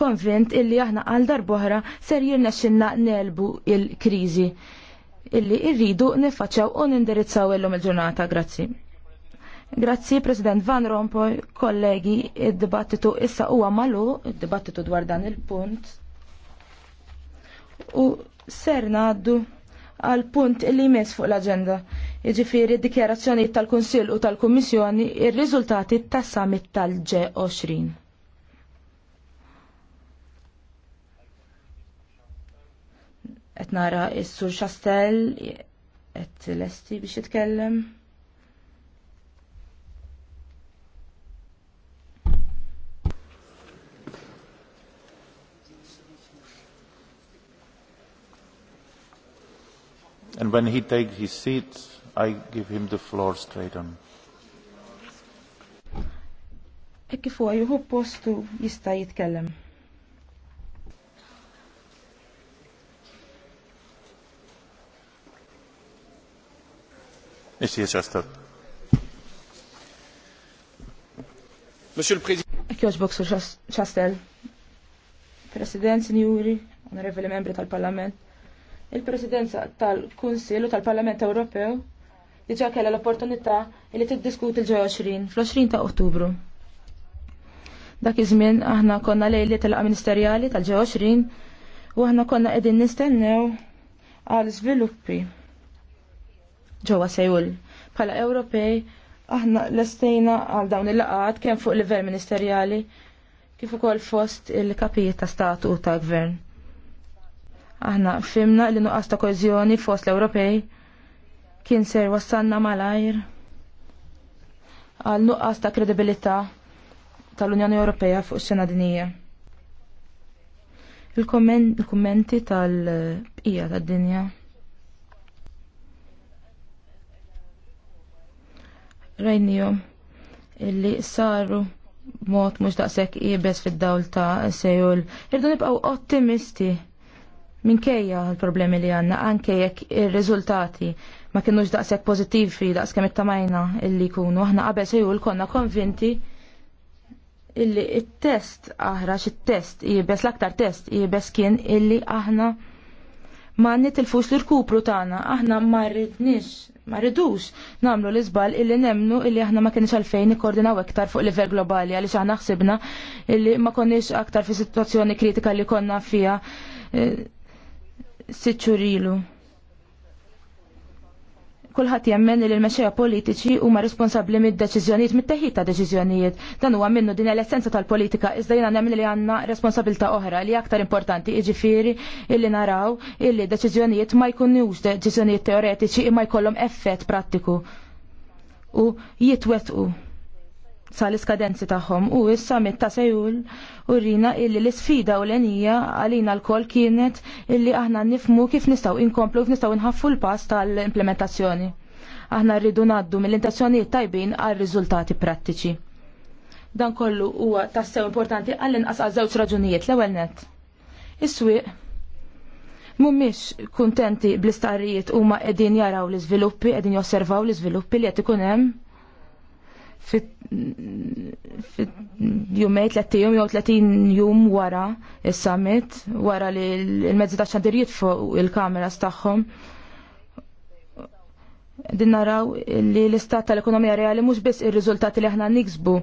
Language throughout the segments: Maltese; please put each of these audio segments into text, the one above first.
konvint illi aħna għal darbohra ser jirnexxinna nelbu il-kriżi illi irridu nifaċċaw u nindirizzaw illum il-ġurnata. Grazzi. Grazzi, President Van Rompuy, kollegi, id-dibattitu issa huwa għamalu, id-dibattitu dwar dan il-punt. U ser naddu għal punt illi jmiss fuq l-agenda. Iġifiri dikjerazzjoni tal konsil u tal-Kummissjoni ir-riżultati tas-summit tal-G20. qed nara s-sur Chastel qed lesti biex jitkellem. And when he take his seat, I give him the floor straight on. Ekki fuq juhu postu jista' jitkellem. Monsieur le Président. Chastel. President, Sinjuri, onorevoli membri tal-Parlament. Il-Presidenza tal-Kunsil u tal-Parlament Ewropew diġa kella l-opportunità li tiddiskuti l-20 fl-20 ta' Ottubru. Dak iż-żmien aħna konna lejli tal ministerjali tal-20 u aħna konna qegħdin nistennew għal żviluppi ġewwa Sejul. Bħala Ewropej aħna lestejna għal dawn il-laqat kemm fuq livell ministerjali kif ukoll fost il-kapijiet ta' statu ta' gvern. Aħna fimna li nuqqas ta' koeżjoni fost l-Ewropej kien ser wassanna malajr għal nuqqas ta' kredibilità tal-Unjoni Ewropea fuq is-sena dinija. Il-kummenti tal-bqija tad-dinja. rajnijom illi saru mod mux daqsek jibes fid-dawl ta' sejul. Irdu nibqaw ottimisti minkejja l-problemi li għanna, anke jekk ir-riżultati ma kienux daqsek pozitivi daqskem it-tamajna illi kunu. Aħna qabel sejul konna konvinti illi il test aħra it-test jibes, l-aktar test jibes kien illi aħna ma nitilfux l-irkupru tagħna, aħna ma rridniex, ma rridux nagħmlu l-iżbal illi nemnu illi aħna ma kienx għalfejn nikkoordinaw iktar fuq livell globali għaliex aħna ħsibna illi ma konniex aktar fi sitwazzjoni kritika li konna fija eh, siċurilu. Kulħadd jemmen li l-mexxejja politiċi huma responsabbli mid-deċiżjonijiet mit-teħid ta' deċiżjonijiet. Dan huwa minnu din l-essenza tal-politika iżda jiena nemmen li għandna responsabilità oħra li aktar importanti jiġifieri illi naraw illi deċiżjonijiet ma jkunux deċiżjonijiet teoretiċi imma jkollhom effett prattiku u jitwetqu sal-iskadenzi tagħhom u is-summit ta' Sejul urrina illi l-isfida u l-enija għalina l-kol kienet illi aħna nifmu kif nistaw inkomplu kif nistaw inħaffu l-pass tal-implementazzjoni. Aħna rridu naddu mill-intenzjonijiet tajbin għal riżultati prattiċi. Dan kollu huwa tassew importanti għall-inqas għal żewġ raġunijiet l-ewwel net. Is-swieq mhumiex kuntenti bl-istarijiet huma qegħdin jaraw l-iżviluppi, qegħdin josservaw l-iżviluppi li qed ikun hemm fit jumejt tletti jum, jew 30 jum wara il-summit, wara li il-mezzi ta' xandir jitfu il-kameras tagħhom. Din naraw li l-istat tal-ekonomija reali mhux biss ir-riżultati li aħna niksbu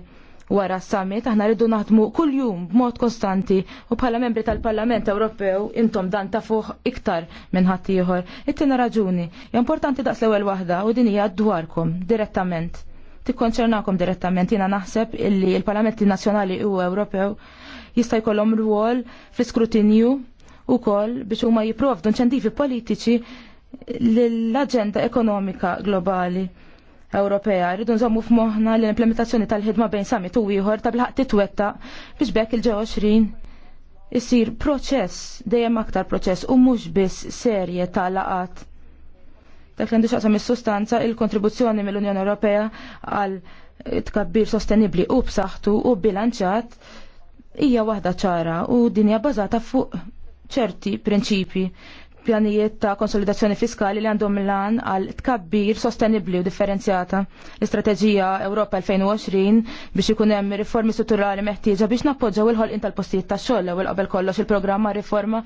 wara s-summit, aħna rridu naħdmu kull jum b'mod kostanti u bħala membri tal-Parlament Ewropew intom dan ta' fuq iktar minn ħadd ieħor. it raġuni, importanti daqs l-ewwel waħda u din hija dwarkom direttament tikkonċernakom direttament jiena naħseb illi il-Parlamenti Nazzjonali u Ewropew jista' jkollhom rwol fl-iskrutinju ukoll biex huma jipprovdu inċentivi politiċi l aġenda ekonomika globali Ewropea. Rridu nżommu f'moħħna l-implementazzjoni tal-ħidma bejn summit u ieħor ta' bilħaq titwetta biex bekk il-20 isir proċess dejjem aktar proċess u mhux biss serje ta' laqat dak li għandu xaqsam is-sustanza il-kontribuzzjoni mill-Unjoni Ewropea għal tkabbir sostenibli u b'saħħtu u bilanċat hija waħda ċara u dinja bażata fuq ċerti prinċipi pjanijiet ta' konsolidazzjoni fiskali li għandhom l-għan għal tkabbir sostenibli u differenzjata. L-istrateġija Ewropa 2020 biex ikun hemm riformi strutturali meħtieġa biex nappoġġaw il-ħolqien tal-postijiet tax-xogħol u l-qabel kollox il-programma riforma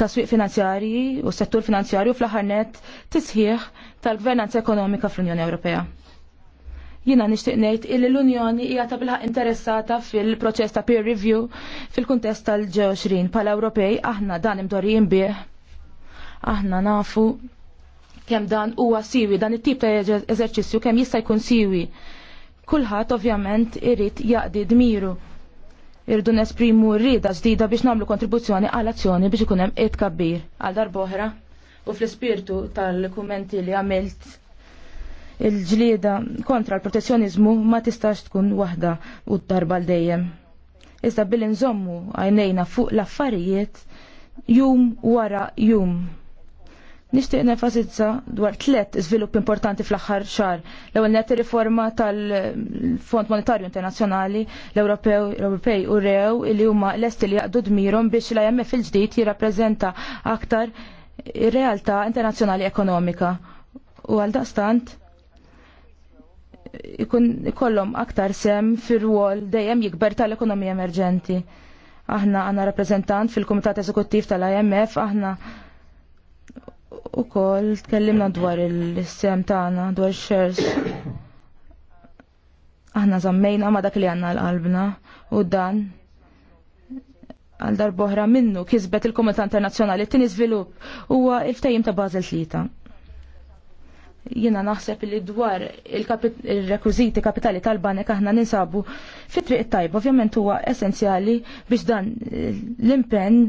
taswiq finanzjarji u settur finanzjarju fl-aħħar net tisħiħ tal-gvernanza ekonomika fl-Unjoni Ewropea. Jina nixtieq ngħid illi l-Unjoni hija ta' bilħaq interessata fil-proċess ta' peer review fil-kuntest tal-G20 pala Ewropej aħna dan imdorjin bih. Aħna nafu kemm dan huwa siwi dan it-tip ta' eżerċizzju kemm jista' jkun siwi. Kulħadd ovvjament irid jaqdi dmiru irdu nesprimu rrida ġdida biex namlu kontribuzzjoni għal azzjoni biex ikun hemm kabbir għal darboħra u fl-ispirtu tal-kumenti li għamilt il-ġlieda kontra l-protezzjonizmu ma tistax tkun waħda u darba l-dejjem. Iżda bil nżommu għajnejna fuq l-affarijiet jum wara jum. Nixtieq nefasizza dwar tliet iżvilupp importanti fl-aħħar xar. L-ewwel net riforma tal-Fond Monetarju Internazzjonali l-Ewropew Ewropej u rew li huma lesti li jaqdu dmirhom biex l-IMF il-ġdid jirrappreżenta aktar ir-realtà internazzjonali ekonomika. U għal daqstant ikun ikollhom aktar sem fir-rwol dejjem jikber tal-ekonomija emerġenti aħna għanna rappreżentant fil-Komitat Eżekuttiv tal-IMF, aħna ukoll tkellimna dwar il-sem tagħna dwar shares. Aħna żammejna ma dak li għandna l-qalbna u dan għal darboħra minnu kisbet il-Komunità Internazzjonali t-tini svilup huwa il ftajim ta' Basel tlieta jina naħseb li dwar il-rekwiziti kapitali tal-banek aħna ninsabu fi triq tajba, ovvjament huwa essenzjali biex dan l-impenn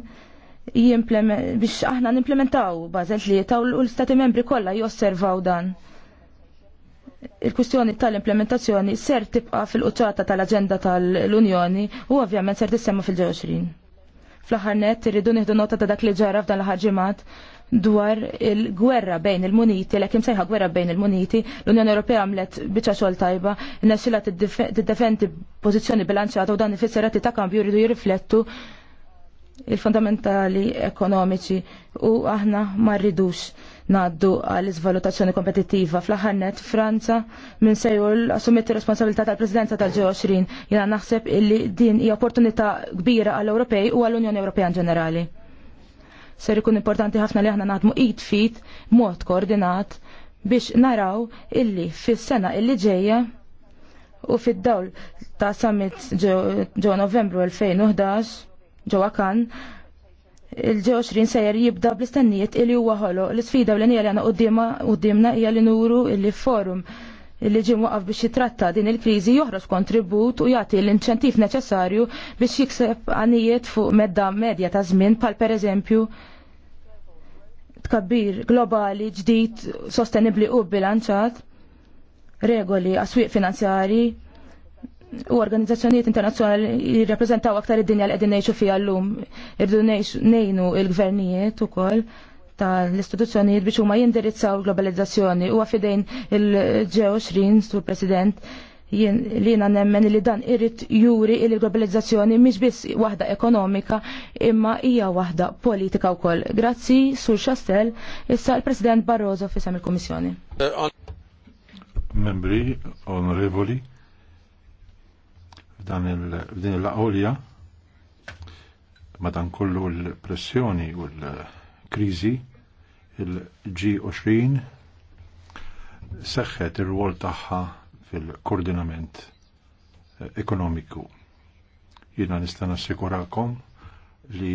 biex aħna nimplementaw Basel tlieta u l-Stati membri kollha josservaw dan. Il-kwistjoni tal-implementazzjoni ser tibqa fil qċata tal-aġenda tal-Unjoni u ovvjament ser tissemma fil-20. Fl-aħħar net irridu nieħdu nota ta' dak li ġara f'dan l-aħħar ġimgħat dwar il-gwerra bejn il-muniti, l-ekim sejħa gwerra bejn il-muniti, l-Unjoni Ewropea għamlet biċa xogħol tajba, n-nexxila tiddefendi pożizzjoni bilanċata u dan ifisser ta' kambju jridu jirriflettu il-fundamentali ekonomiċi u aħna ma rridux naddu għal iżvalutazzjoni kompetittiva fl-aħħar net Franza minn sejul assumiet ir-responsabilità tal-Presidenza tal-G20 jena naħseb illi din hija opportunità kbira għall Ewropej u għall Unjoni Ewropea ġenerali. Ser ikun importanti ħafna li aħna naħdmu id fit mod koordinat biex naraw illi fis-sena illi ġejja u fid-dawl ta' summit ġo Novembru 2011 ġewwa kan il-20 sejjer jibda bl-istennijiet illi huwa ħolo. L-isfida l hija li għandna qudiemna hija li nuru illi forum illi ġim waqaf biex jitratta din il-kriżi joħroġ kontribut u jagħti l-inċentiv neċessarju biex jikseb għanijiet fuq medda medja ta' żmien pal pereżempju tkabbir globali ġdid sostenibbli u bilanċat regoli għaswiq finanzjari u organizzazzjonijiet internazzjonali li jirrappreżentaw aktar id-dinja li qegħdin ngħixu fiha llum. Irdu ngħinu l gvernijiet ukoll tal-istituzzjonijiet biex huma jindirizzaw globalizzazzjoni u għafidejn il-G20 sur President li jiena nemmen li dan irid juri il-globalizzazzjoni mhix biss waħda ekonomika imma hija waħda politika wkoll. Grazzi sur Chastel, issa l president Barroso fisem il-Kummissjoni. Membri, onorevoli, Dan il-din il ma madan kollu l-pressjoni u l-krizi il-G20 seħħet ir-rwol tagħha fil-koordinament eh, ekonomiku. Jina nista' nassikurakom li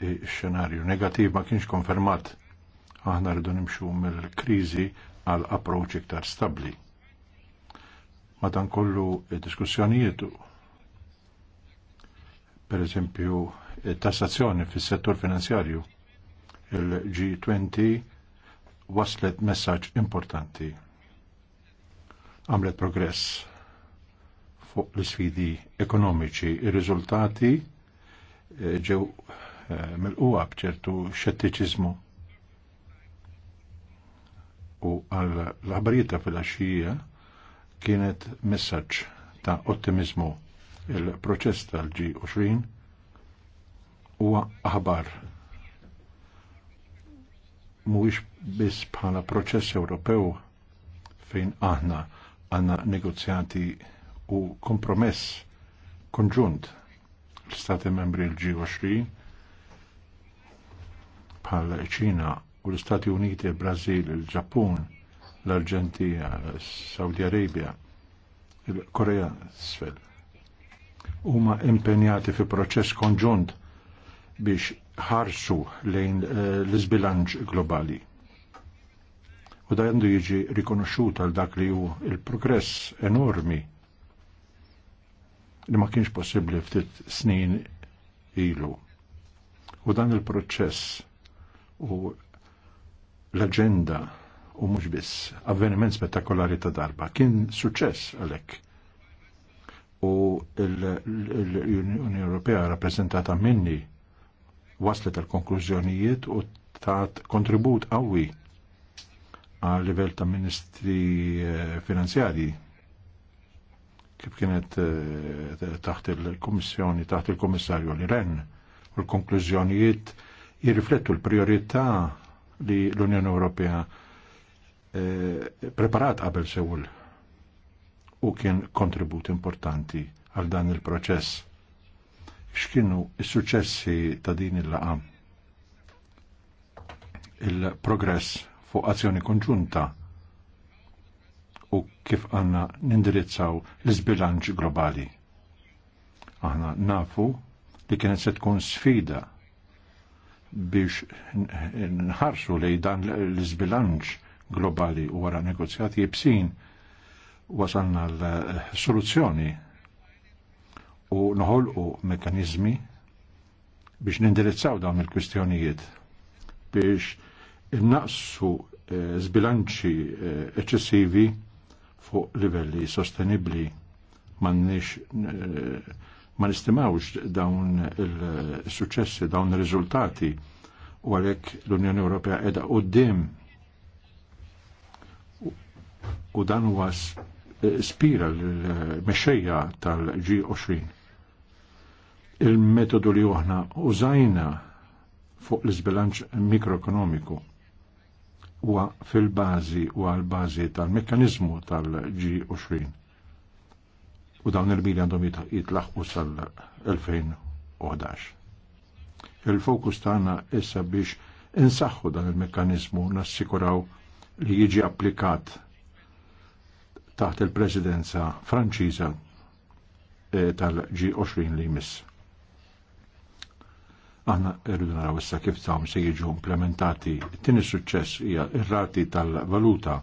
x-xenarju negativ ma kienx konfermat aħna rridu nimxu mill-kriżi għal approċ iktar stabli. Madankollu id-diskussjonijiet per eżempju, eh, tassazzjoni fis settur finanzjarju. Il-G20 waslet messaġġ importanti. Għamlet progress fuq l isfidi ekonomiċi. Ir-riżultati eh, ġew eh, mill uwa bċertu xettiċiżmu. U għal l-ħabarita fil-axija kienet messaġġ ta' ottimizmu il-proċess tal-G20 huwa aħbar mhuwiex biss bħala proċess Ewropew fejn aħna għandna negozjati u kompromess konġunt l-Stati membri l-G20 bħala ċina u l-Stati Uniti, il-Brazil, il-Ġappun, l-Arġentina, Saudi Arabia, il-Korea s-sfel huma impenjati fi proċess konġunt biex ħarsu lejn eh, l-izbilanċ globali. U da jiġi rikonoxxut għal dak li hu il-progress enormi li ma kienx possibbli ftit snin ilu. U dan il-proċess u l-agenda u mhux biss avveniment spettakolari ta' darba kien suċċess għalhekk u l-Unjoni Ewropea rappresentata minni waslet għal konklużjonijiet u tat kontribut qawwi għal livell ta' ministri eh, finanzjarji kif kienet eh, taħt il kummissjoni taħt il kummissarju li ren u l-konklużjonijiet jirriflettu l-priorità li l-Unjoni Ewropea eh, preparat qabel Sewul u kien kontribut importanti għal dan il-proċess. X'kienu s-suċessi ta' din il-laqa? Il-progress fuq azzjoni konġunta u kif għanna nindirizzaw l-izbilanċ globali. Aħna nafu li kienet se tkun sfida biex nħarsu li dan l-izbilanċ globali u wara negozjati jibsin wasalna l-soluzzjoni eh, u noħolqu mekanizmi biex nindirizzaw dawn il-kwistjonijiet biex innaqsu eh, zbilanċi eċessivi eh, fuq livelli sostenibli mannix ma nistimawx dawn il-successi, dawn il-riżultati u għalhekk l-Unjoni Ewropea qiegħda quddiem u dan was spira l-mexxejja tal-G20. Il-metodu li uħna użajna fuq l-izbilanċ mikroekonomiku huwa fil-bażi u għal-bażi tal-mekkanizmu tal-G20. U dawn il-mili għandhom jitlaħqu sal-2011. Il-fokus tagħna issa biex insaħħu dan il-mekkanizmu nassikuraw li jiġi applikat taħt il-presidenza Franċiża eh, tal-G20 li jmiss. Aħna rridu naraw issa kif dawn se jiġu implementati. Tini suċċess hija ir-rati tal-valuta.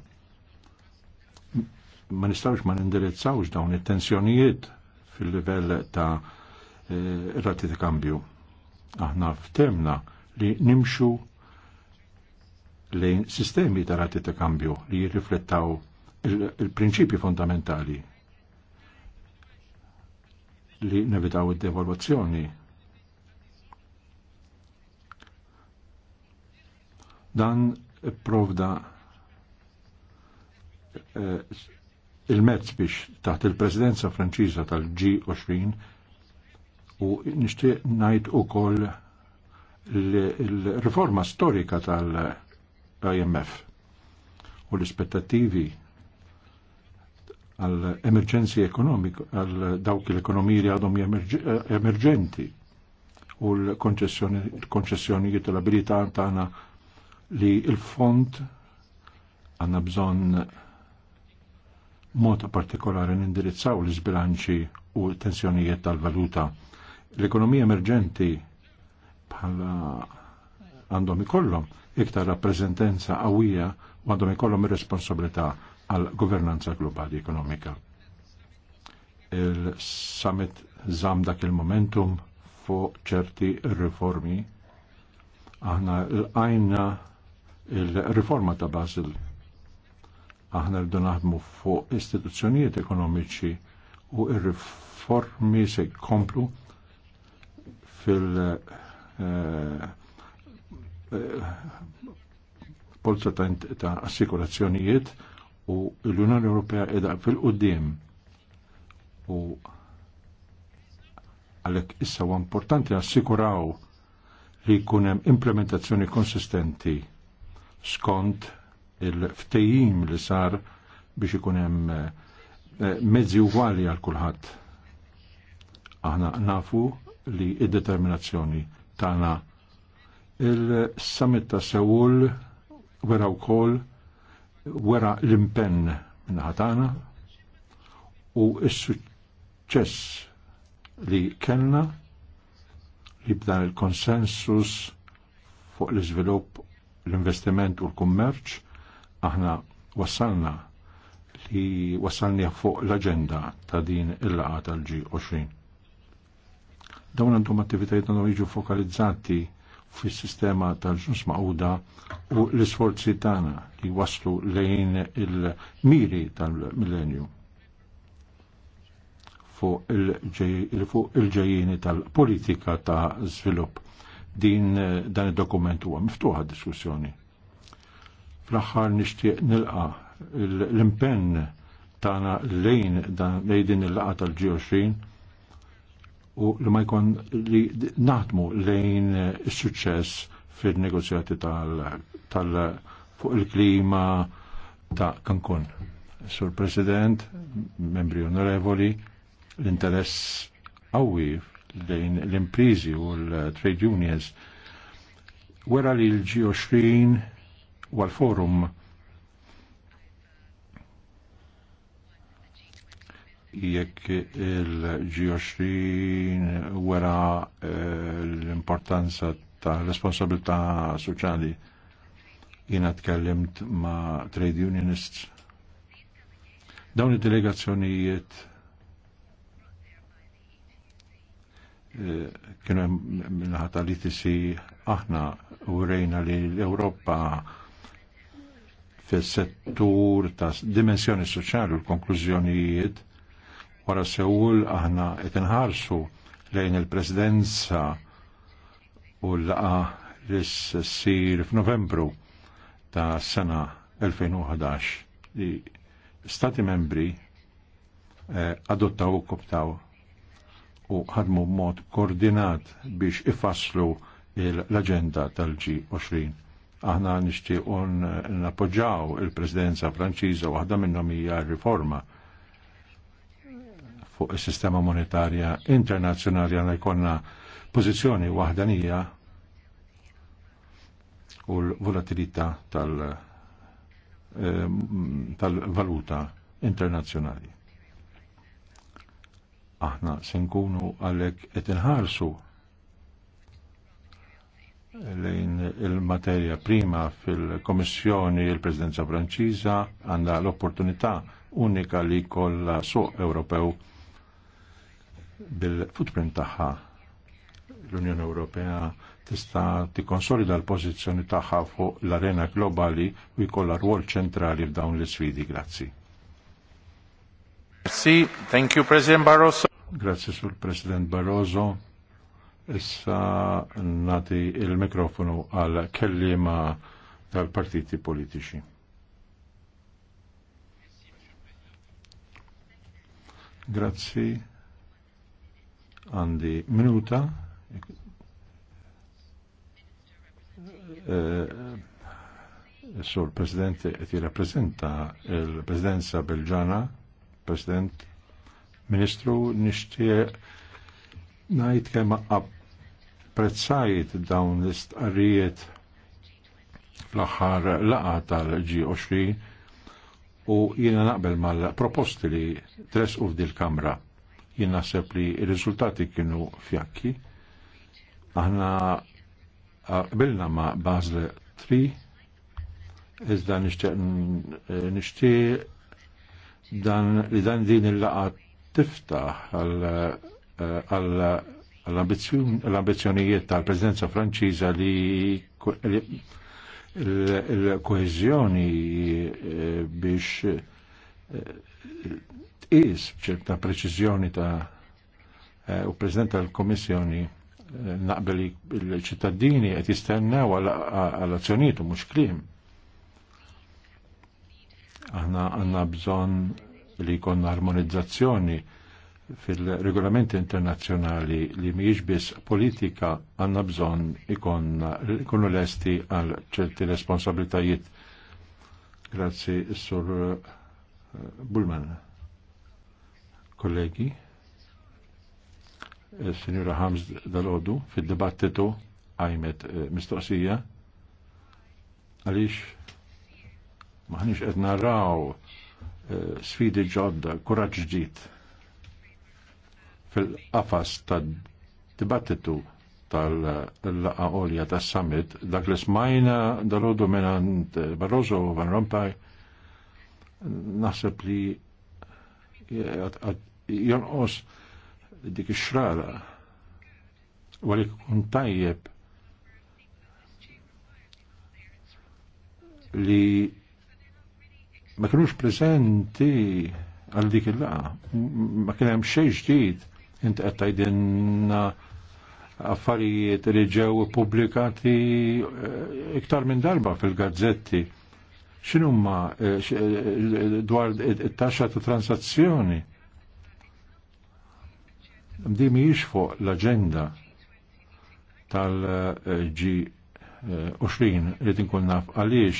Ma nistgħux ma nindirizzawx dawn it-tensjonijiet fil-livell ta' eh, rati ta' kambju. Aħna ftemna li nimxu lejn sistemi ta' rati ta' kambju li jirriflettaw il prinċipi fondamentali li nevitaw id-devalwazzjoni. Dan provda eh, il-mezz biex taħt il-presidenza franċiża tal-G20 u nishti najt u koll il riforma storika tal-IMF u l-ispettativi għal emerġenzi ekonomiku, għal dawk l-ekonomiji li għadhom eh, emerġenti u l-konċessjonijiet l-abilità tagħna li il-fond għanna bżon mota partikolari nindirizzaw l-izbilanċi u tensjonijiet tal-valuta. L-ekonomija emerġenti bħala għandhom ikollhom iktar rappresentenza għawija u għandhom ikollhom ir-responsabilità għal governanza globali ekonomika. Il-summit zam dak il-momentum fu ċerti riformi. Aħna l-għajna il-riforma ta' Basil. Aħna l naħdmu fu istituzzjonijiet ekonomiċi u il riformi se komplu fil- eh, eh, polza ta', ta assikurazzjonijiet u l-Unjoni Ewropea edha fil-qoddim u għalek issa u importanti assikuraw li kunem implementazzjoni konsistenti skont il-ftejim li sar biex ikunem eh, mezzi uguali għal kulħadd. Aħna nafu li id-determinazzjoni tagħna il-summit ta' Sewul vera wkoll wera l-impenn min-naħatana u s-suċċess li kellna li b'dan il-konsensus fuq l-iżvilupp l-investiment u l-kummerċ aħna wassalna li wassalni fuq l-agenda ta' din il-laqa tal-G20. Dawn għandhom attivitajiet għandhom jiġu fokalizzati fis-sistema tal-ġus maqda u l-isforzi tagħna li waslu lejn il-miri tal-millenju fuq il-ġejjini tal-politika ta' żvilupp. Din dan id-dokument huwa miftuħa diskussjoni. Fl-aħħar nixtieq nilqa l-impenn tagħna lejn din il-laqa tal-G20 u li ma jkun li naħdmu lejn is-suċċess fil-negozjati tal, fuq il-klima ta' Cancun. Sur President, membri onorevoli, l-interess qawwi lejn l-imprizi u l-trade unions wera li l-G20 u l-forum jekk il-G20 wera eh, l-importanza ta' responsabilità soċjali jina tkellimt ma' trade unionists. Dawn il delegazzjonijiet eh, kienu minnaħat tal aħna u rejna li l-Europa fil-settur ta' dimensjoni soċjali u l-konklużjonijiet wara Sewul aħna qed inħarsu lejn il-presidenza u l-laqa li ssir f'Novembru ta' sena 2011 li stati membri eh, adottaw u koptaw u ħadmu mod koordinat biex ifasslu l-agenda tal-G20. Aħna nixtiequ nappoġġaw il-Presidenza Franċiża waħda minnhom hija riforma fuq is-sistema monetarja internazzjonali għandna jkollna pożizzjoni waħdanija u l-volatilità eh, tal-valuta tal internazzjonali. Aħna se nkunu għalhekk qed inħarsu lejn il-materja prima fil-Komissjoni il-Presidenza Franċiża għandha l-opportunità unika li kollha suq Ewropew bil-footprint tagħha l-Unjoni Ewropea tista' tikkonsolida l-pożizzjoni tagħha fuq l-arena globali u jkollha rwol ċentrali f'dawn l-isfidi. Grazzi. Merci, thank you President Barroso. Grazzi sul President Barroso. Issa nati il-mikrofonu għal kellima tal-partiti politiċi. Grazie għandi minuta eh, sur Presidente, ti rappresenta il-presidenza belġana president ministru nishtie najt kemm apprezzajt dawn l-istqarrijiet fl-aħħar laqa tal-G20 u jiena naqbel mal-proposti li tres u f'dil kamra jien naħseb li il-rizultati kienu fjakki. Aħna qbilna ma' Basel 3 iżda nishtiq e, dan li dan din il-laqa tiftaħ għall-ambizjonijiet e, tal-Presidenza Franċiża li il koezjoni e, biex tqis ċerta preċiżjoni ta' eh, u President tal-Komissjoni eh, naqbel il-ċittadini qed jistennew għal azzjonijiet u mhux klim. Aħna għandna bżonn li jkollna armonizzazzjoni fil-regolamenti internazzjonali li mhijiex biss politika għandna bżonn ikonu lesti għal ċerti responsabilitajiet. Grazzi, Sur eh, Bullman kollegi, il-Sinjura eh, Hams dal-ħodu, fil-dibattitu għajmet eh, mistoqsija, għalix maħnix qed naraw eh, sfidi ġodda, kuraġġ ġdid fil-qafas ta dibattitu tal-laqa olja summit dak li smajna dal-ħodu minnant Barroso Van Rompuy naħseb li jonqos dik ix-xrara u għalik kun tajjeb li ma kienux prezenti għal dik il-laqa, ma kien hemm xejn ġdid inti qed tgħidilna affarijiet li ġew pubblikati eh, iktar minn darba fil-gazzetti. X'inhuma eh, eh, dwar it-taxxa ta' transazzjoni? Di mhijiex fuq l agenda tal eh, tal-G20 irid inkun naf għaliex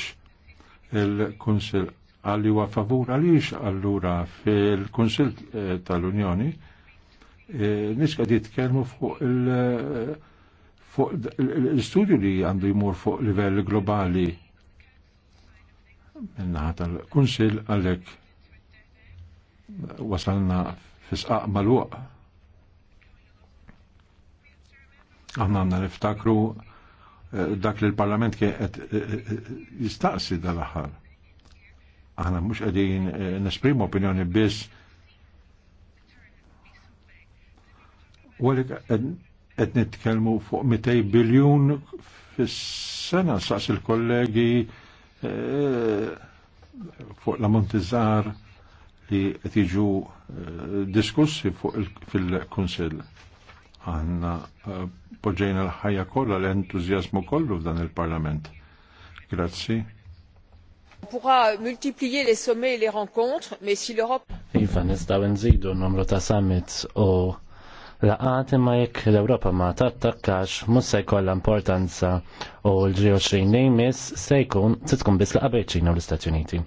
il konsil għalli huwa favur għaliex allura fil konsil eh, tal-Unjoni eh, niska jitkellmu fuq il- fuq l-studju li għandu jmur fuq livell globali minnaħat tal-Kunsil għalek wasalna fisqaq mal Aħna għanna niftakru eh, dak li l-Parlament qed eh, eh, jistaqsi dal-aħħar. Aħna mhux qegħdin nesprimu opinjoni biss u qed nitkellmu fuq 200 biljun fis-sena saqs il-kollegi fuq l-ammontizzar li qed jiġu diskussi fuq fil-Kunsill. Għanna eh, poġġejna l-ħajja kollha l-entużjażmu kollu f'dan il-Parlament. Grazzi. On pourra multiplier les sommets et les rencontres, mais si l'Europe... Iva, nistaw nżidu n-numru ta' summits u laqat imma jekk l europa ma tattakkax mus se jkollha importanza u l-G20 nejmis se jkun se tkun biss laqa u l-Istati Uniti.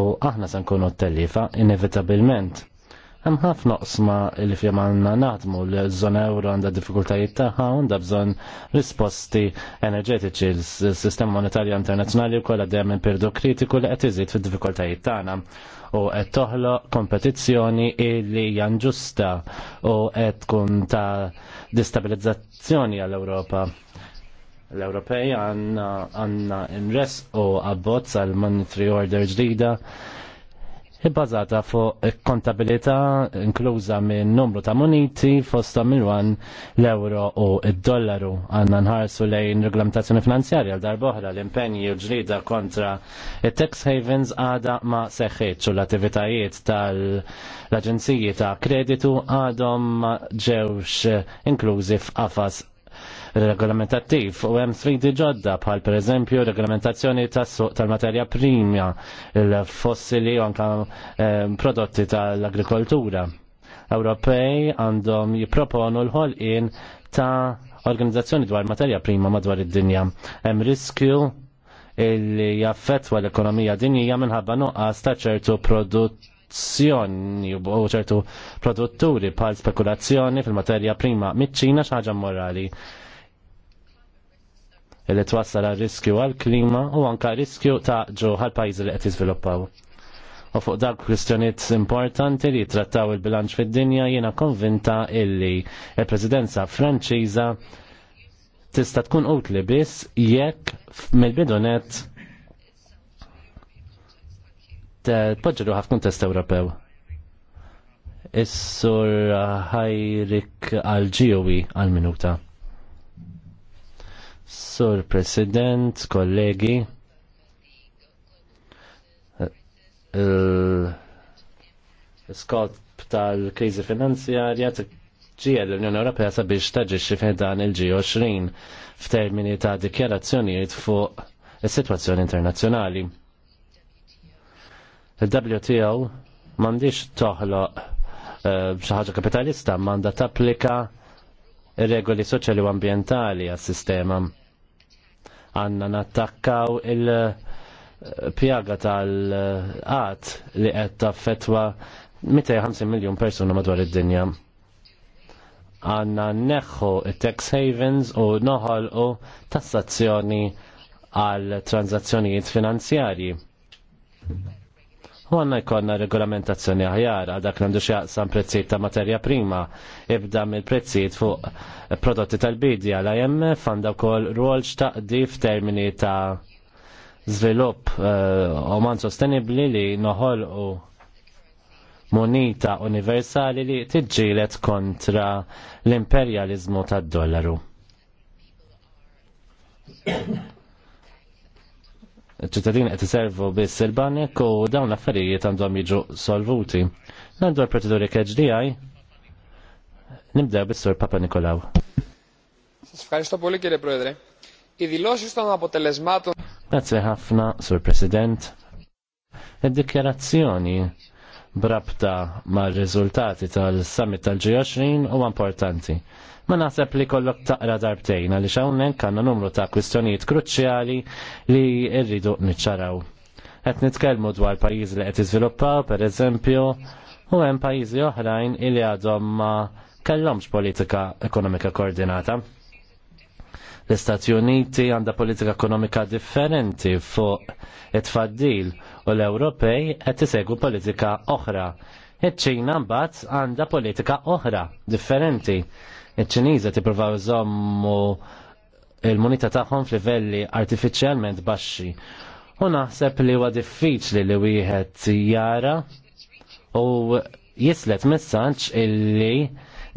U aħna se nkunu t-tellifa inevitabilment Hemm ħafna qsma li fjem għandna naħdmu li żona euro għandha diffikultajiet tagħha għandha bżonn risposti enerġetiċi l-sistema monetarja internazzjonali wkoll għaddejjem minn perdu kritiku li qed iżid fid-diffikultajiet tagħna u qed toħloq kompetizzjoni li hija nġusta u qed tkun ta' distabilizzazzjoni għall-Ewropa. L-Ewropej għandna nres u abbozz għal monetary order ġdida bbażata fuq kontabilità inkluża minn numru ta' moniti fosta minn wan l-euro u d-dollaru. Għandna nħarsu lejn reglamentazzjoni finanzjarja għal darboħra l-impenji u ġrida kontra it-tax havens għada ma seħħitx u l-attivitajiet tal-aġenziji ta' kreditu għadhom ma ġewx inklużi f'qafas regolamentattiv u hemm sfidi ġodda bħal pereżempju regolamentazzjoni tas-suq tal-materja primja, il-fossili u anka eh, prodotti tal-agrikoltura. Ewropej għandhom jipproponu l-ħolqien ta' organizzazzjoni dwar materja prima madwar id-dinja. Hemm riskju li jaffetwa l-ekonomija dinjija minħabba nuqqas ta' ċertu produzzjoni u ċertu produtturi bħal spekulazzjoni fil-materja prima miċ-Ċina xi ħaġa morali li twassal għal riskju għal klima u anka riskju ta' ġo għal pajzi li qed jiżviluppaw. U fuq dak kwistjoniet importanti li trattaw il-bilanċ fid-dinja jiena konvinta illi il-Presidenza Franċiża tista' tkun utli biss jekk mill-bidunet Tpoġġru ħafna test Ewropew. Is-sur ħajrik għal-ġiwi għal-minuta. Sur President, kollegi, il-skop tal-krizi finanzjarja ġija l-Unjoni Ewropea sabiex taġixxi fejn dan il-G20 f'termini ta' dikjarazzjonijiet fuq is-sitwazzjoni internazzjonali. Il-WTO m'għandix toħloq eh, xi ħaġa kapitalista m'għandha tapplika ir-regoli soċjali u ambjentali għas-sistema. Għanna nattakkaw il-pjaga tal għat li qed taffetwa 250 miljon persuna madwar id-dinja. Għanna neħħu tax havens u noħolqu tassazzjoni għal transazzjonijiet finanzjarji U għanna jkonna regolamentazzjoni aħjar għal dak għandu xaqsam prezzijiet ta' materja prima, ibda mill prezzijiet fuq prodotti tal-bidja l IMF għanda wkoll rol xtaqdi f'termini ta' żvilupp eh, man sostenibli li noħol u monita universali li tiġġielet kontra l imperializmu tad-dollaru ċittadini qed iservu biss il-banek u dawn l-affarijiet għandhom jiġu solvuti. Għandu l-proċeduri KHDI. Nibdew bis-sur Papa Nikolaw. Ευχαριστώ poli κύριε Πρόεδρε. I dilosi stanno αποτελεσμάτων. Grazie ħafna, Sur President. Id-dikjarazzjoni brabta mal-riżultati tal-summit tal-G20 u importanti ma naħseb li kollok taqra darbtejn għaliex hawnhekk għandna numru ta' kwistjonijiet kruċjali li rridu niċċaraw. Qed nitkellmu dwar pajjiżi li qed per pereżempju, u hemm pajjiżi oħrajn li għadhom ma kellhomx politika ekonomika koordinata l-Istati Uniti għandha politika ekonomika differenti fuq it-tfaddil u l-Ewropej qed tisegu politika oħra. Iċ-Ċina mbagħad għandha politika oħra differenti iċ-Ċiniża tippruvaw jżommu il-munita tagħhom f'livelli artifiċjalment baxxi. U naħseb li huwa diffiċli li wieħed jara u jislet messaġġ illi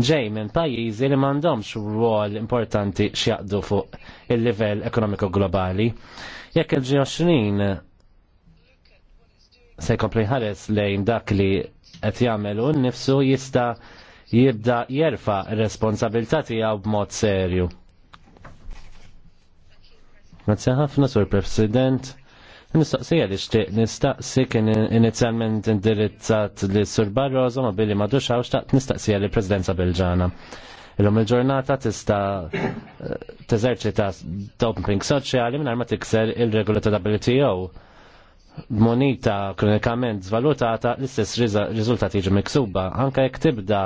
ġej minn pajjiżi li m'għandhomx rwol importanti x'jaqdu fuq il-livell ekonomiku globali. Jekk il-20 se jkompli ħares lejn dak li qed jagħmel u nnifsu jista' jibda jerfa responsabilità tiegħu b'mod serju. Grazie ħafna, Sur President. Nistaqsija li xtieq nistaqsi kien inizjalment indirizzat li Sur Barroso ma billi madux għaw xtaqt nistaqsija li Presidenza Belġana. Illum il-ġurnata tista' teżerċita dumping soċjali minn ma tikser il-regola ta' WTO monita kronikament zvalutata l-istess rizultat jiġi miksuba. Anka jekk tibda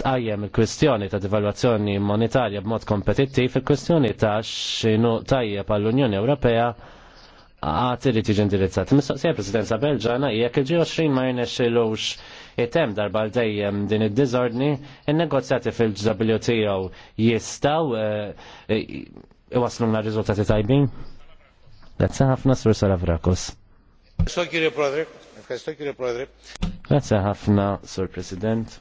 tqajjem il-kwistjoni ta' devalwazzjoni monetarja b'mod kompetittiv, il-kwistjoni ta' x'inhu tajjeb għall-Unjoni Ewropea għad irid jiġi indirizzat. Mistoqsija Presidenza Belġana hija il G20 ma jnexxilux item darba dejjem din id-diżordni, il negozjati fil-WTO jistgħu eh, eh, iwasluna riżultati tajbin? Grazzi ħafna Sur Salavrakos. Grazie ħafna, Sir President.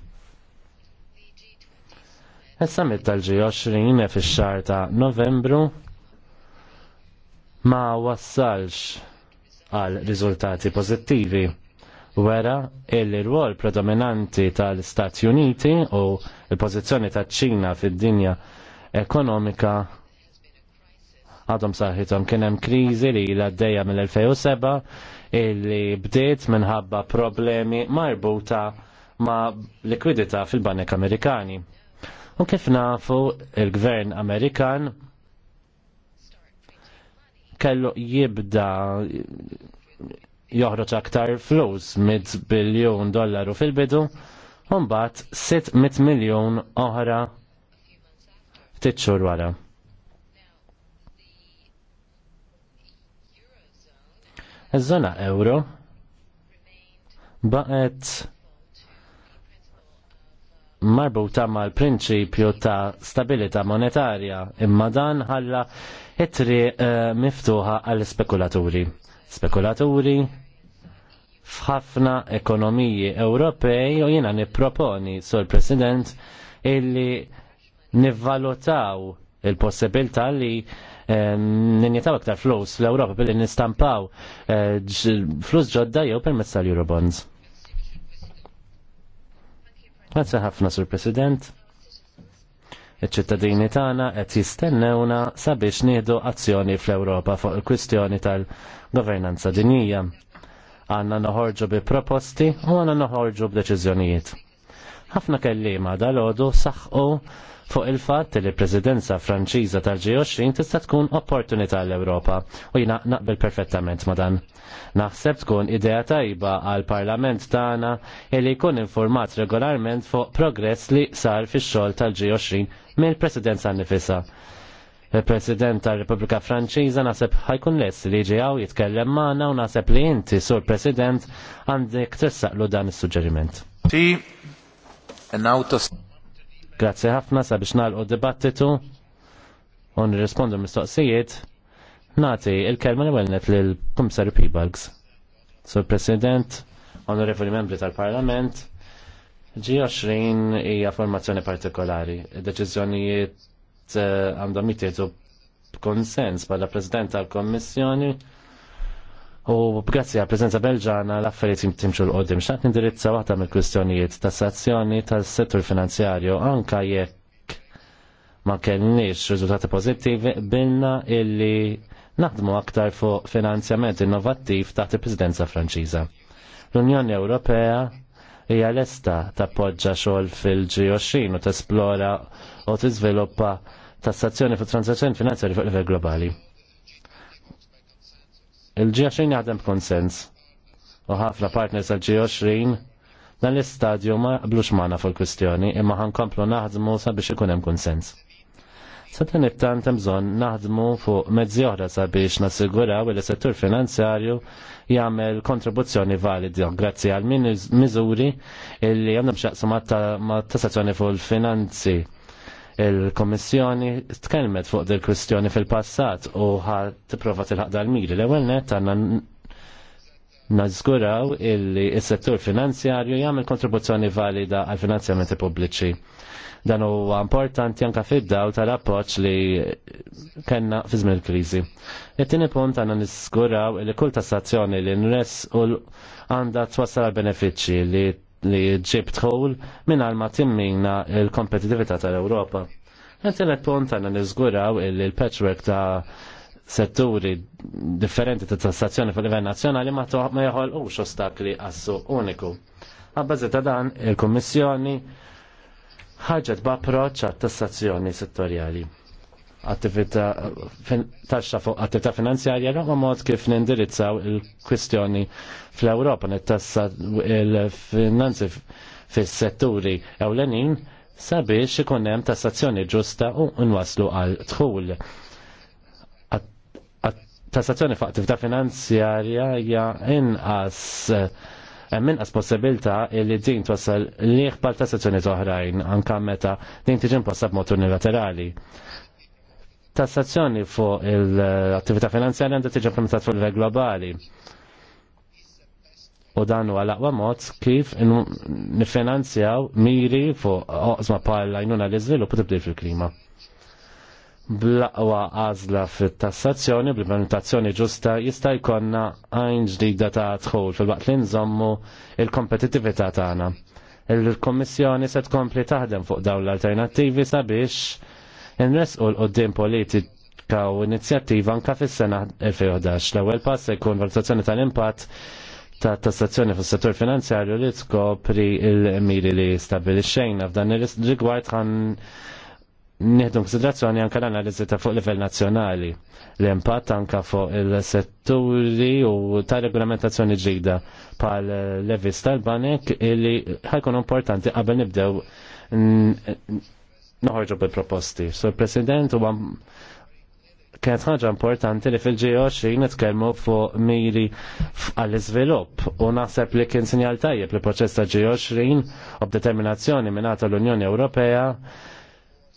Is-summit tal-G20 fi xar ta' Novembru ma wassalx għal rizultati pozittivi. wera il rwol predominanti tal-Stati Uniti u il-pozizjoni ta' ċina fid-dinja ekonomika għadhom saħħithom kien hemm kriżi li għaddejja mill-2007 illi bdiet minħabba problemi marbuta ma' likwidità fil-banek Amerikani. U kif nafu il-gvern Amerikan kellu jibda joħroġ aktar flus 100 biljun dollaru fil-bidu, un bat 600 miljon oħra titxur wara. Iż-żona euro baqet marbuta mal-prinċipju ta' stabilita monetarja imma dan ħalla it triq eh, miftuħa għall spekulaturi Spekulaturi f'ħafna ekonomiji Ewropej u jiena nipproponi, Sur President, illi nivvalutaw il-possibilità li ninjetaw aktar flus l-Europa billi nistampaw eh, flus ġodda jew permezz tal-Eurobonds. Grazzi ħafna, Sur President. Iċ-ċittadini tagħna qed jistennewna sabiex nieħdu azzjoni fl-Ewropa fuq il-kwistjoni tal-governanza dinija. Għanna noħorġu bi proposti u għanna noħorġu b'deċiżjonijiet. Ħafna kellima dal-għodu saħħu fuq il-fatt li l-Presidenza Franċiża tal-G20 tista' tkun opportunità l-Ewropa u jina naqbel perfettament ma dan. Naħseb tkun idea tajba għal Parlament tagħna li jkun informat regolarment fuq progress li sar fix-xogħol tal-G20 mill-Presidenza nnifisa. il-President tal-Repubblika Franċiża naseb ħajkun less li ġejaw jitkellem magħna u naseb li inti, sur President, għandek tressaqlu dan is-suġġeriment. Ti, Grazzi ħafna sabiex nalqu dibattitu u nirrispondu mistoqsijiet. Nati il-kelma li għalnet l-Komissarju Pibalgs. Sur President, onorevoli membri tal-Parlament, G20 hija formazzjoni partikolari. Deċiżjonijiet eh, għandhom jittietu konsens bħala President tal-Kommissjoni U b'grazzi għal prezenza belġana l-affarijiet jimtimxu l-qoddim. Xaqt indirizza waħda mill-kwistjonijiet ta' sazzjoni tal-settur finanzjarju anka jekk ma kellniex riżultati pożittivi bilna illi naħdmu aktar fuq finanzjament innovattiv taħt il-Presidenza Franċiża. L-Unjoni Ewropea hija lesta tappoġġa xogħol fil-G20 u tesplora u tiżviluppa tassazzjoni fuq transazzjoni finanzjarji fuq livell globali. Il-G20 għadem konsens u ħafna partners għal G20 dan l-istadju ma blux maħna fil-kwistjoni imma komplu naħdmu sabiex ikun hemm konsens. Sa dan it-tant bżonn naħdmu fuq mezzi oħra sabiex nassiguraw li settur finanzjarju jagħmel kontribuzzjoni validi grazzi għal miżuri li għandhom xaqsu ma' tassazzjoni fuq il-finanzi Il-Komissjoni tkellmet fuq dil kwistjoni fil-passat u ħad tipprova tilħaq dal-miri. L-ewwel net għandna nażguraw illi s-settur finanzjarju jagħmel kontribuzzjoni valida għal finanzjamenti pubbliċi. Dan huwa importanti anke fid-daw tal-appoġġ li kellna fi żmien il-kriżi. It-tieni punt għandna nisguraw li kull tassazzjoni li nres u għandha twassal għal benefiċċji li li ġib tħol minn ma timmina il-kompetitività tal-Europa. Għantilet punt għanna nizguraw il-patchwork ta' setturi differenti ta' tassazzjoni fil livell nazzjonali ma ma jħol u ostakli għassu uniku. Għabbazi ta' dan il-Kommissjoni ħarġet b'approċċ għat tassazzjoni settorjali attività taxxa fuq attività finanzjarja u mod kif nindirizzaw il-kwistjoni fl-Ewropa nittassa il-finanzi fis-setturi ewlenin sabiex ikun hemm tassazzjoni ġusta u nwaslu għal dħul. Tassazzjoni fuq attività finanzjarja hija inqas hemm inqas possibilità li din twassal liħ bħal tassazzjoni oħrajn anke meta din tiġi imposta b'mod unilaterali tassazzjoni fuq l-attività finanzjarja għandha tiġi implementat fuq livell globali. U dan huwa l-aqwa mod kif nifinanzjaw miri fuq oqsma bħala għajnuna l iżvilupp u tibdil fil-klima. Blaqwa għażla fit-tassazzjoni bl-implementazzjoni ġusta jista' jkollna għajn ġdida ta' dħul fil-waqt li nżommu il-kompetittività tagħna. Il-Kommissjoni se tkompli taħdem fuq dawn l-alternattivi sabiex Nres u l-qoddim politika u inizjattiva anka fis-sena 2011. L-ewwel pass se jkun valutazzjoni tal-impatt ta' tassazzjoni fis settur finanzjarju li tkopri il-miri li stabilixxejna f'dan ir-rigward ħan nieħdu konsiderazzjoni anke l-analiżi ta' fuq livell nazzjonali, l-impatt anke fuq il-setturi u ta' regolamentazzjoni ġdida pal levis tal-banek illi ħajkun importanti qabel nibdew noħorġu bil-proposti. So il-President huwa kienet ħaġa importanti li fil-G20 nitkellmu fuq miri għall-iżvilupp u naħseb li kien sinjal tajjeb li proċess ta' g xin u b'determinazzjoni minnata l-Unjoni Ewropea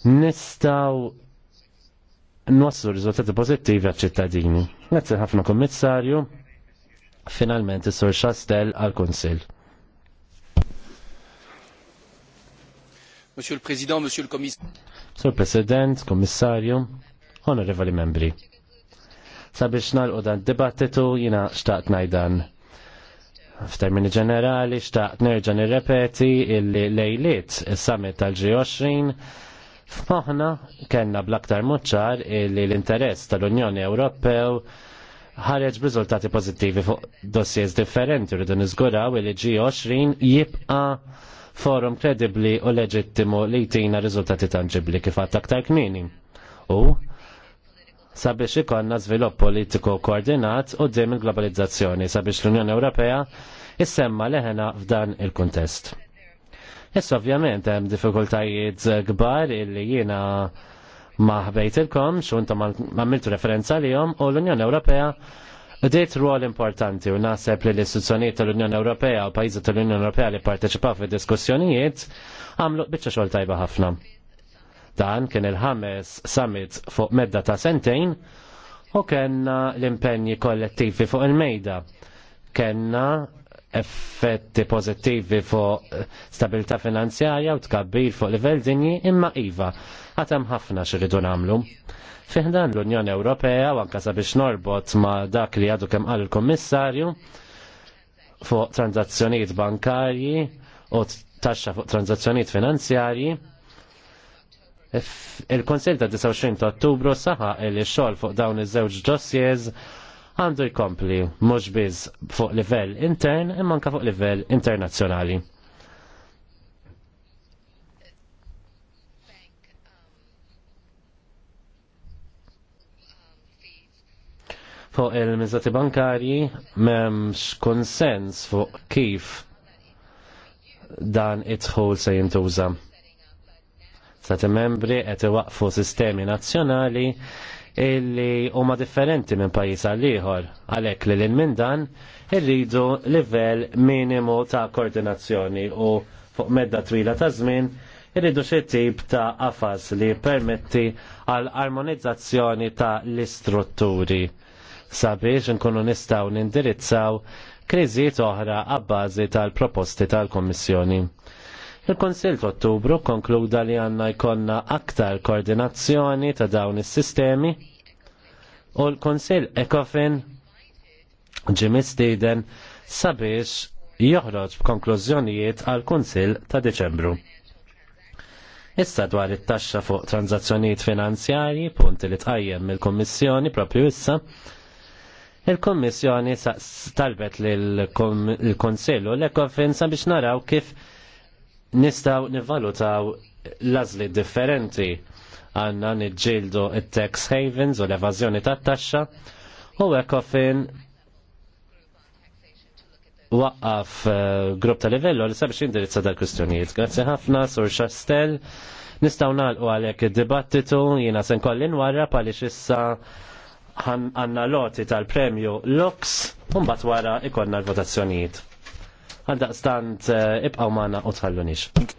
nistaw nwassu riżultati pozittivi għal-ċittadini. Grazie ħafna kommissarju, finalment is-sur Chastel għal-Kunsill. Monsieur le Président, Monsieur le Commissaire. Sur President, Kommissarju, onorevoli membri. Sabiex nalqu dan dibattitu jina xtaqt najdan. F'termini ġenerali xtaqt nerġa' nirrepeti illi lejliet is-summit tal-G20 f'moħħna kellna bl-aktar muċċar illi l-interess tal-Unjoni Ewropew ħareġ b'riżultati pożittivi fuq dossiers differenti rridu niżguraw illi G20 jibqa' forum kredibli u leġittimu li jtina riżultati tangibli kif għatta aktar kmini. U sabiex ikonna żvilupp politiku koordinat u dim il-globalizzazzjoni sabiex l-Unjoni Ewropea jissemma leħena f'dan il-kontest. Issa ovvjament hemm diffikultajiet kbar illi jiena ma ħbejtilkom xunta ma għamiltu referenza lihom u l-Unjoni Ewropea Dejt ruol importanti u naħseb li l-istituzzjonijiet tal-Unjoni Ewropea u pajjiżi tal-Unjoni Ewropea li parteċipaw fi diskussjonijiet għamlu biċċa xogħol tajba ħafna. Dan kien il-ħames summit fuq medda ta' sentejn u kellna l-impenji kollettivi fuq il-mejda. Kenna effetti pożittivi fuq stabilità finanzjarja u tkabbir fuq livell dinji imma iva ħatem ħafna xirridu namlu. Fiħdan l-Unjoni Ewropea u anka sabiex norbot ma' dak li għadu kemm għal il-Kommissarju fuq tranzazzjoniet bankarji u taxxa fuq tranzazzjoniet finanzjarji. Il-Konsil ta' 29 ta' Ottubru saħa li xogħol fuq dawn iż-żewġ dossiers għandu jkompli mhux biss fuq livell intern imma anke fuq livell internazzjonali. fuq il-mizzati bankarji memx konsens fuq kif dan it-ħol se jintuża. Stati membri qed iwaqfu sistemi nazzjonali illi huma differenti minn pajjiż għal ieħor għalhekk li lil minn dan irridu livell minimu ta' koordinazzjoni u fuq medda twila ta' żmien irridu xi tip ta' affas li permetti għal armonizzazzjoni ta' l-istrutturi sabiex nkunu nistaw nindirizzaw kriżiet oħra għabbażi tal-proposti tal-Kommissjoni. Il-Konsil f'Ottubru konkluda li għanna jkonna aktar koordinazzjoni ta' dawn is-sistemi u l-Konsil Ekofin Jimmy Steden sabiex joħroġ b'konklużjonijiet għal kunsil ta' Deċembru. Issa dwar it-taxxa fuq tranzazzjonijiet finanzjarji, punti li tqajjem mill-Kummissjoni propju issa, Il-Kommissjoni talbet l-Konsillu l-Ekofinsa biex naraw kif nistaw nivalutaw lażli differenti għanna nġildu il-tax havens u l-evazjoni ta' taxxa u ekofin waqqaf eh, grupp ta' livello li sabiex indirizza dal kustjonijiet Grazie ħafna, Sur Chastel. Nistaw nalqu għalek id-dibattitu, jina sen kollin warra pali issa għanna loti tal-premju Lux mbagħad wara ikonna l-votazzjonijiet. Għaldaqstant eh, ibqgħu magħna u tħallunix.